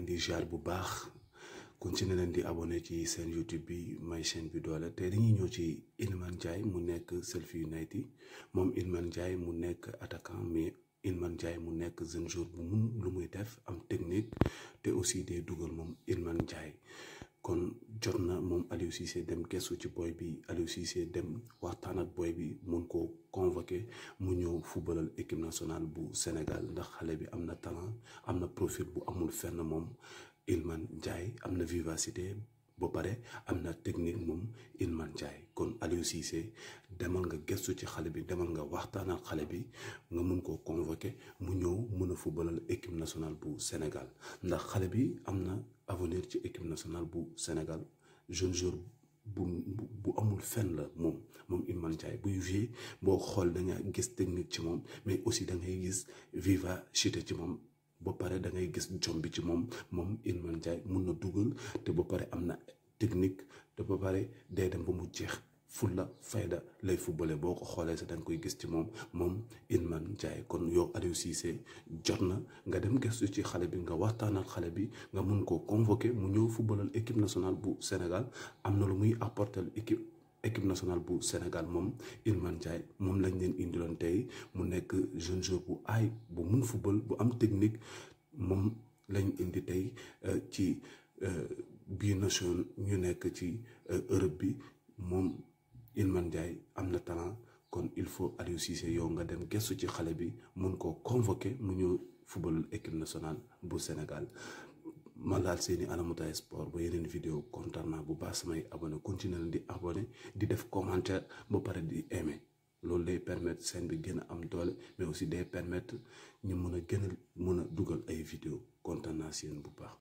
leen di jaar bu baax continuer leen di abonné ci seen YouTube bi may chaîne bi doole te dañuy ñëw ci Iliman Ndiaye mu nekk Sheffield United moom Iliman Ndiaye mu nekk attaquant mais Iliman Ndiaye mu nekk jeune jour bu mun lu muy def am technique te aussi day dugal moom Iliman Ndiaye kon jot na moom Aliou Cissé dem gëstu ci booy bi Aliou Cissé dem waxtaan ak booy bi mun koo convoqué mu ñëw footballal équipe nationale bu Sénégal ndax xale bi am na talent am na profil bu amul fenn moom Iliman Ndiaye am na vivacité ba pare am na technique moom Iliman Ndiaye kon Aliou Cissé demal nga gëstu ci xale bi demal nga waxtaan ak xale bi nga mun koo convoqué mu ñëw mun a footballal équipe nationale bu Sénégal ndax xale bi am na avenir ci équipe nationale bu Sénégal jeune jour bu bu amul fenn la moom moom Iliman Ndiaye buy vie boo xool da nga gis technique ci moom mais aussi da ngay gis vivacité ci moom. ba pare da ngay gis jom bi ci moom moom Iliman Ndiaye mun na dugg te ba paree am na technique te ba pare day dem ba mu jeex fulla fayda lay footballé boo ko xoolee sax da nga koy gis ci moom moom Iliman Ndiaye kon yow Aliou Cissé jot na nga dem su ci xale bi nga waxtaanal xale bi nga mun koo convoqué mu ñëw footballal équipe nationale bu Sénégal am na lu muy apporter équipe. équipe nationale pour Sénégal mom il Ndiaye mom lañ leen indiloon tay mu nek jeune joueur bu ay bu mun football bu am technique mom lañ indi tay euh, ci euh, bi nation ñu nek ci euh, Europe bi mom Iliman Ndiaye amna talent kon il faut Aliou Cissé yow nga dem gëstu ci xale bi mun ko convoqué mu ñu football équipe nationale bu Sénégal man daal seeni Alamouty Sport ba yeneen vidéo kontaan bu baax samay abonné continuer di abonné di def commentaire ba pare di aimer loolu day permettre seen bi gën a am doole mais aussi day permettre ñu mun a gën a mun a dugal ay vidéo kontaan seen bu baax